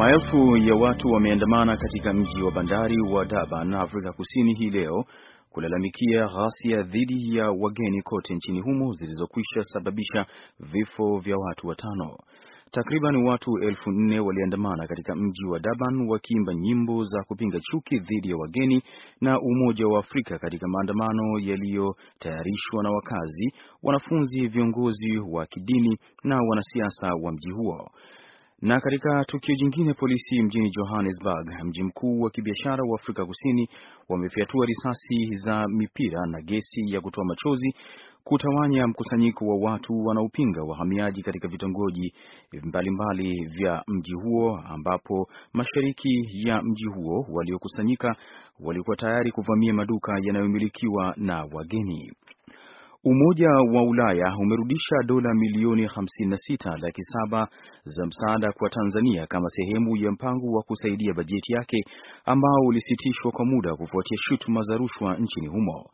Maelfu ya watu wameandamana katika mji wa bandari wa Durban, Afrika Kusini hii leo kulalamikia ghasia dhidi ya wageni kote nchini humo zilizokwisha sababisha vifo vya watu watano. Takriban watu elfu nne waliandamana katika mji wa Durban wakiimba nyimbo za kupinga chuki dhidi ya wageni na Umoja wa Afrika katika maandamano yaliyotayarishwa na wakazi, wanafunzi, viongozi wa kidini na wanasiasa wa mji huo. Na katika tukio jingine, polisi mjini Johannesburg, mji mkuu wa kibiashara wa Afrika Kusini, wamefyatua risasi za mipira na gesi ya kutoa machozi kutawanya mkusanyiko wa watu wanaopinga wahamiaji katika vitongoji mbalimbali vya mji huo, ambapo mashariki ya mji huo waliokusanyika walikuwa tayari kuvamia maduka yanayomilikiwa na wageni. Umoja wa Ulaya umerudisha dola milioni saba za msaada kwa Tanzania kama sehemu ya mpango wa kusaidia bajeti yake ambao ulisitishwa kwa muda kufuatia shutuma za rushwa nchini humo.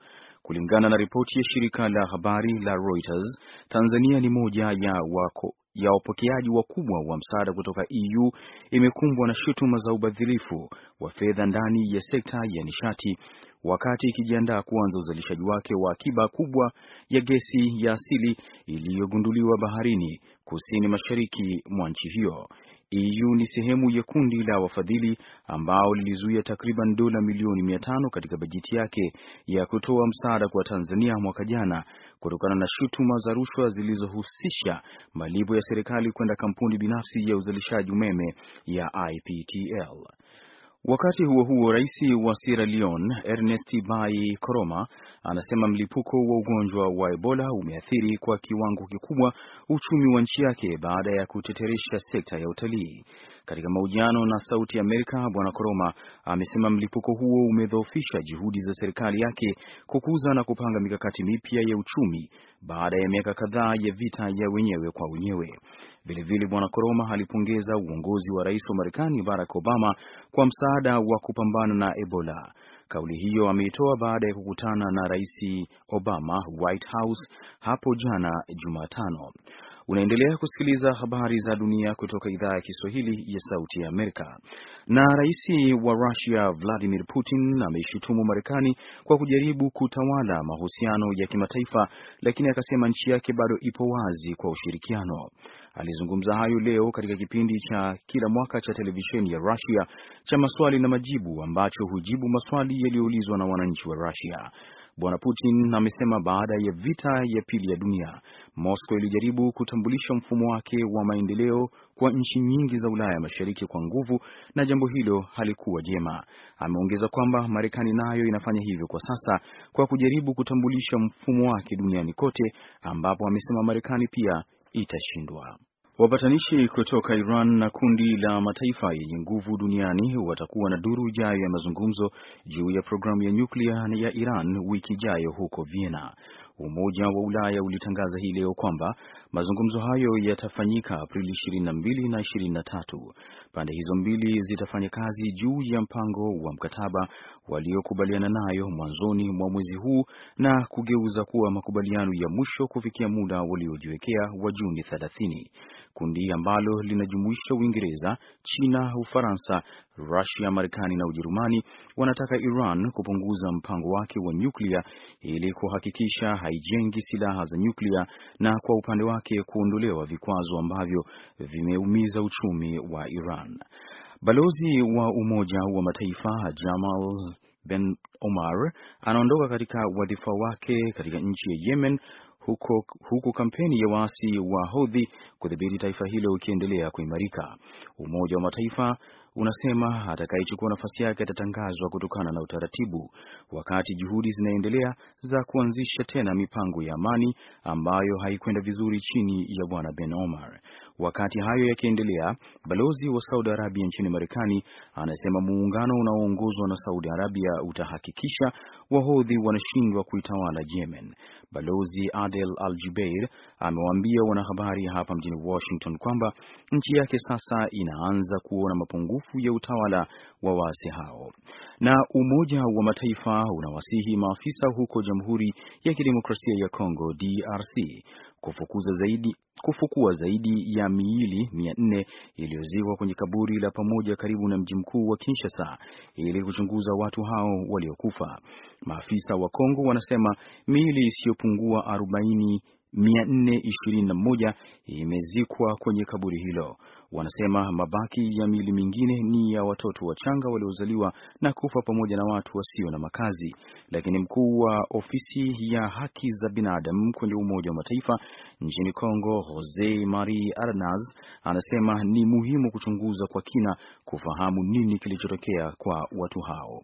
Kulingana na ripoti ya shirika la habari la Reuters, Tanzania ni moja ya wako ya wapokeaji wakubwa wa msaada kutoka EU imekumbwa na shutuma za ubadhirifu wa fedha ndani ya sekta ya nishati, wakati ikijiandaa kuanza uzalishaji wake wa akiba kubwa ya gesi ya asili iliyogunduliwa baharini kusini mashariki mwa nchi hiyo. EU ni sehemu ya kundi la wafadhili ambao lilizuia takriban dola milioni mia tano katika bajeti yake ya kutoa msaada kwa Tanzania mwaka jana kutokana na shutuma za rushwa zilizohusisha malipo ya serikali kwenda kampuni binafsi ya uzalishaji umeme ya IPTL. Wakati huo huo, rais wa Sierra Leone Ernest Bai Koroma anasema mlipuko wa ugonjwa wa Ebola umeathiri kwa kiwango kikubwa uchumi wa nchi yake baada ya kuteteresha sekta ya utalii. Katika mahojiano na Sauti ya Amerika, Bwana Koroma amesema mlipuko huo umedhoofisha juhudi za serikali yake kukuza na kupanga mikakati mipya ya uchumi baada ya miaka kadhaa ya vita ya wenyewe kwa wenyewe. Vilevile, Bwana Koroma alipongeza uongozi wa Rais wa Marekani Barack Obama kwa msaada wa kupambana na Ebola. Kauli hiyo ameitoa baada ya kukutana na Rais Obama White House hapo jana Jumatano. Unaendelea kusikiliza habari za dunia kutoka idhaa ya Kiswahili ya Sauti ya Amerika. Na rais wa Rusia Vladimir Putin ameishutumu Marekani kwa kujaribu kutawala mahusiano ya kimataifa, lakini akasema nchi yake bado ipo wazi kwa ushirikiano. Alizungumza hayo leo katika kipindi cha kila mwaka cha televisheni ya Rusia cha maswali na majibu ambacho hujibu maswali yaliyoulizwa na wananchi wa Rusia. Bwana Putin amesema baada ya vita ya pili ya dunia, Moscow ilijaribu kutambulisha mfumo wake wa maendeleo kwa nchi nyingi za Ulaya Mashariki kwa nguvu na jambo hilo halikuwa jema. Ameongeza kwamba Marekani nayo inafanya hivyo kwa sasa kwa kujaribu kutambulisha mfumo wake duniani kote ambapo amesema Marekani pia itashindwa. Wapatanishi kutoka Iran na kundi la mataifa yenye nguvu duniani watakuwa na duru ijayo ya mazungumzo juu ya programu ya nyuklia ya Iran wiki ijayo huko Vienna. Umoja wa Ulaya ulitangaza hii leo kwamba mazungumzo hayo yatafanyika Aprili 22 na 23. Pande hizo mbili zitafanya kazi juu ya mpango wa mkataba waliokubaliana nayo mwanzoni mwa mwezi huu na kugeuza kuwa makubaliano ya mwisho kufikia muda waliojiwekea wa Juni 30 kundi ambalo linajumuisha Uingereza, China, Ufaransa, Rusia, Marekani na Ujerumani wanataka Iran kupunguza mpango wake wa nyuklia ili kuhakikisha haijengi silaha za nyuklia na kwa upande wake kuondolewa vikwazo ambavyo vimeumiza uchumi wa Iran. Balozi wa Umoja wa Mataifa Jamal Ben Omar anaondoka katika wadhifa wake katika nchi ya Yemen huko, huku kampeni ya waasi wa Houthi kudhibiti taifa hilo ikiendelea kuimarika. Umoja wa Mataifa unasema atakayechukua nafasi yake atatangazwa kutokana na utaratibu, wakati juhudi zinaendelea za kuanzisha tena mipango ya amani ambayo haikwenda vizuri chini ya Bwana Ben Omar. Wakati hayo yakiendelea, balozi wa Saudi Arabia nchini Marekani anasema muungano unaoongozwa na Saudi Arabia utahakikisha Wahodhi wanashindwa kuitawala Yemen. Balozi Ad Adel Al-Jubeir amewaambia wanahabari hapa mjini Washington kwamba nchi yake sasa inaanza kuona mapungufu ya utawala wa waasi hao, na Umoja wa Mataifa unawasihi maafisa huko Jamhuri ya Kidemokrasia ya Kongo DRC kufukuza zaidi kufukua zaidi ya miili mia nne iliyozikwa kwenye kaburi la pamoja karibu na mji mkuu wa Kinshasa ili kuchunguza watu hao waliokufa. Maafisa wa Kongo wanasema miili isiyopungua arobaini 421 imezikwa kwenye kaburi hilo. Wanasema mabaki ya miili mingine ni ya watoto wachanga waliozaliwa na kufa pamoja na watu wasio na makazi. Lakini mkuu wa ofisi ya haki za binadamu kwenye Umoja wa Mataifa nchini Kongo, Jose Marie Arnaz, anasema ni muhimu kuchunguza kwa kina kufahamu nini kilichotokea kwa watu hao.